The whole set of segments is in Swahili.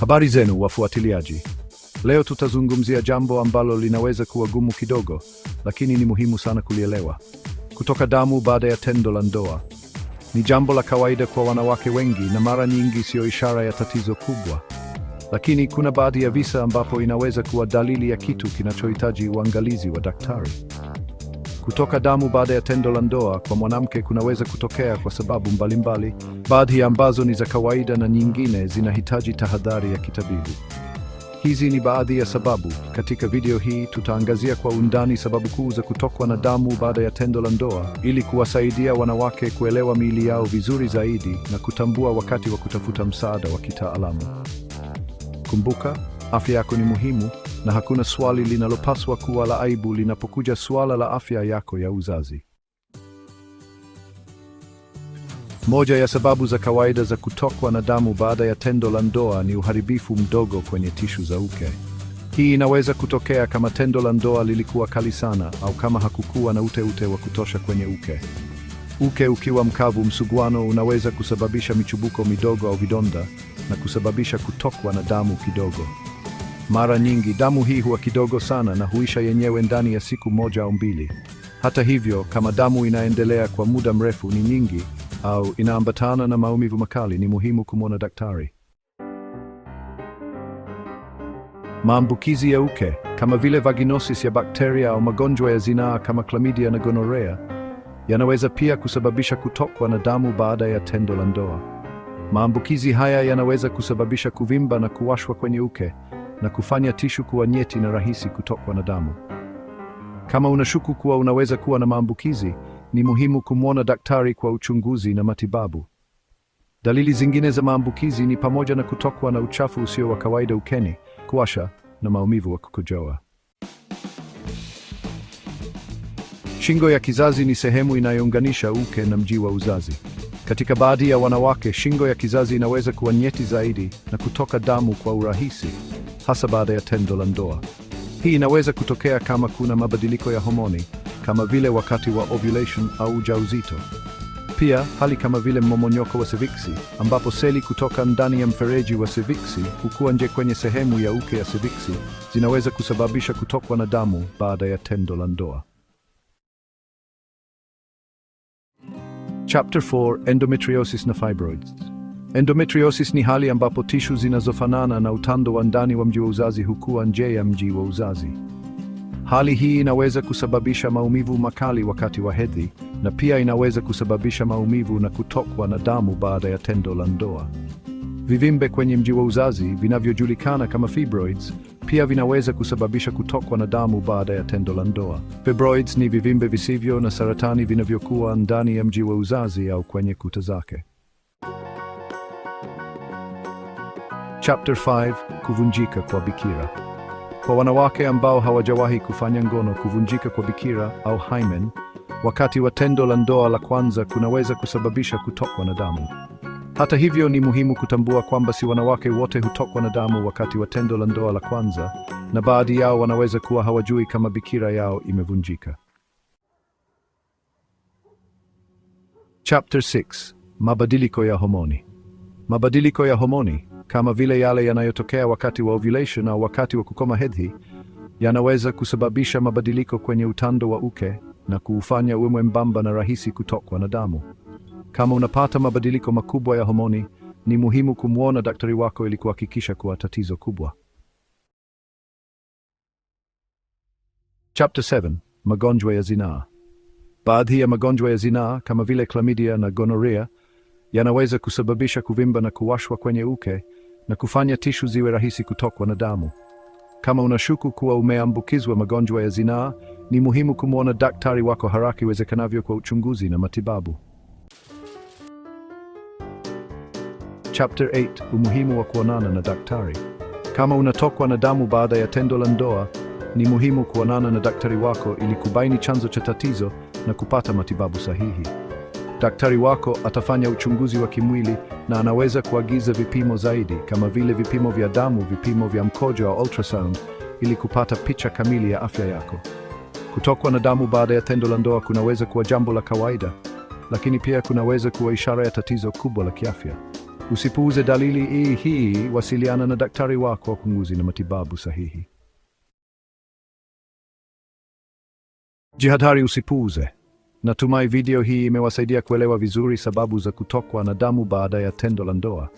Habari zenu wafuatiliaji. Leo tutazungumzia jambo ambalo linaweza kuwa gumu kidogo, lakini ni muhimu sana kulielewa: kutoka damu baada ya tendo la ndoa. Ni jambo la kawaida kwa wanawake wengi na mara nyingi siyo ishara ya tatizo kubwa, lakini kuna baadhi ya visa ambapo inaweza kuwa dalili ya kitu kinachohitaji uangalizi wa daktari. Kutoka damu baada ya tendo la ndoa kwa mwanamke kunaweza kutokea kwa sababu mbalimbali, baadhi ambazo ni za kawaida na nyingine zinahitaji tahadhari ya kitabibu. Hizi ni baadhi ya sababu. Katika video hii tutaangazia kwa undani sababu kuu za kutokwa na damu baada ya tendo la ndoa ili kuwasaidia wanawake kuelewa miili yao vizuri zaidi na kutambua wakati wa kutafuta msaada wa kitaalamu. Kumbuka, afya yako ni muhimu na hakuna swali linalopaswa kuwa la aibu linapokuja suala la afya yako ya uzazi. Moja ya sababu za kawaida za kutokwa na damu baada ya tendo la ndoa ni uharibifu mdogo kwenye tishu za uke. Hii inaweza kutokea kama tendo la ndoa lilikuwa kali sana au kama hakukuwa na uteute wa kutosha kwenye uke. Uke ukiwa mkavu, msuguano unaweza kusababisha michubuko midogo au vidonda na kusababisha kutokwa na damu kidogo. Mara nyingi damu hii huwa kidogo sana na huisha yenyewe ndani ya siku moja au mbili. Hata hivyo, kama damu inaendelea kwa muda mrefu, ni nyingi au inaambatana na maumivu makali, ni muhimu kumwona daktari. Maambukizi ya uke kama vile vaginosis ya bakteria au magonjwa ya zinaa kama klamidia na gonorea yanaweza pia kusababisha kutokwa na damu baada ya tendo la ndoa. Maambukizi haya yanaweza kusababisha kuvimba na kuwashwa kwenye uke na kufanya tishu kuwa nyeti na rahisi kutokwa na damu. Kama unashuku kuwa unaweza kuwa na maambukizi, ni muhimu kumwona daktari kwa uchunguzi na matibabu. Dalili zingine za maambukizi ni pamoja na kutokwa na uchafu usio wa kawaida ukeni, kuwasha na maumivu wa kukojoa. Shingo ya kizazi ni sehemu inayounganisha uke na mji wa uzazi. Katika baadhi ya wanawake, shingo ya kizazi inaweza kuwa nyeti zaidi na kutoka damu kwa urahisi hasa baada ya tendo la ndoa. Hii inaweza kutokea kama kuna mabadiliko ya homoni kama vile wakati wa ovulation au ujauzito. Pia hali kama vile mmomonyoko wa seviksi, ambapo seli kutoka ndani ya mfereji wa seviksi hukua nje kwenye sehemu ya uke ya seviksi, zinaweza kusababisha kutokwa na damu baada ya tendo la ndoa. Chapter 4: Endometriosis na Fibroids. Endometriosis ni hali ambapo tishu zinazofanana na utando wa ndani wa mji wa uzazi hukua nje ya mji wa uzazi. Hali hii inaweza kusababisha maumivu makali wakati wa hedhi na pia inaweza kusababisha maumivu na kutokwa na damu baada ya tendo la ndoa. Vivimbe kwenye mji wa uzazi vinavyojulikana kama fibroids pia vinaweza kusababisha kutokwa na damu baada ya tendo la ndoa. Fibroids ni vivimbe visivyo na saratani vinavyokuwa ndani ya mji wa uzazi au kwenye kuta zake. Chapter 5 Kuvunjika kwa Bikira. Kwa wanawake ambao hawajawahi kufanya ngono, kuvunjika kwa bikira au hymen wakati wa tendo la ndoa la kwanza kunaweza kusababisha kutokwa na damu. Hata hivyo, ni muhimu kutambua kwamba si wanawake wote hutokwa na damu wakati wa tendo la ndoa la kwanza, na baadhi yao wanaweza kuwa hawajui kama bikira yao imevunjika. Chapter 6 Mabadiliko ya homoni. Mabadiliko ya homoni kama vile yale yanayotokea wakati wa ovulation au wakati wa kukoma hedhi yanaweza kusababisha mabadiliko kwenye utando wa uke na kuufanya uwe mwembamba na rahisi kutokwa na damu. Kama unapata mabadiliko makubwa ya homoni, ni muhimu kumwona daktari wako ili kuhakikisha kuwa tatizo kubwa. Chapter 7: magonjwa ya zinaa. Baadhi ya magonjwa ya zinaa kama vile chlamydia na gonorea yanaweza kusababisha kuvimba na kuwashwa kwenye uke na kufanya tishu ziwe rahisi kutokwa na damu. Kama unashuku kuwa umeambukizwa magonjwa ya zinaa, ni muhimu kumwona daktari wako haraka iwezekanavyo kwa uchunguzi na matibabu. Chapter 8: umuhimu wa kuonana na daktari. Kama unatokwa na damu baada ya tendo la ndoa, ni muhimu kuonana na daktari wako ili kubaini chanzo cha tatizo na kupata matibabu sahihi. Daktari wako atafanya uchunguzi wa kimwili na anaweza kuagiza vipimo zaidi kama vile vipimo vya damu, vipimo vya mkojo au ultrasound ili kupata picha kamili ya afya yako. Kutokwa na damu baada ya tendo la ndoa kunaweza kuwa jambo la kawaida, lakini pia kunaweza kuwa ishara ya tatizo kubwa la kiafya. Usipuuze dalili hii hii, wasiliana na daktari wako wa kunguzi na matibabu sahihi. Jihadhari, usipuuze. Natumai video hii imewasaidia kuelewa vizuri sababu za kutokwa na damu baada ya tendo la ndoa.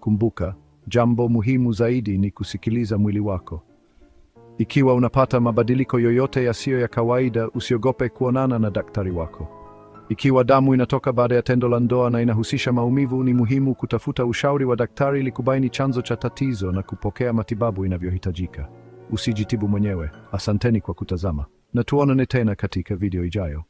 Kumbuka, jambo muhimu zaidi ni kusikiliza mwili wako. Ikiwa unapata mabadiliko yoyote yasiyo ya kawaida, usiogope kuonana na daktari wako. Ikiwa damu inatoka baada ya tendo la ndoa na inahusisha maumivu, ni muhimu kutafuta ushauri wa daktari ili kubaini chanzo cha tatizo na kupokea matibabu inavyohitajika. Usijitibu mwenyewe. Asanteni kwa kutazama na tuonane tena katika video ijayo.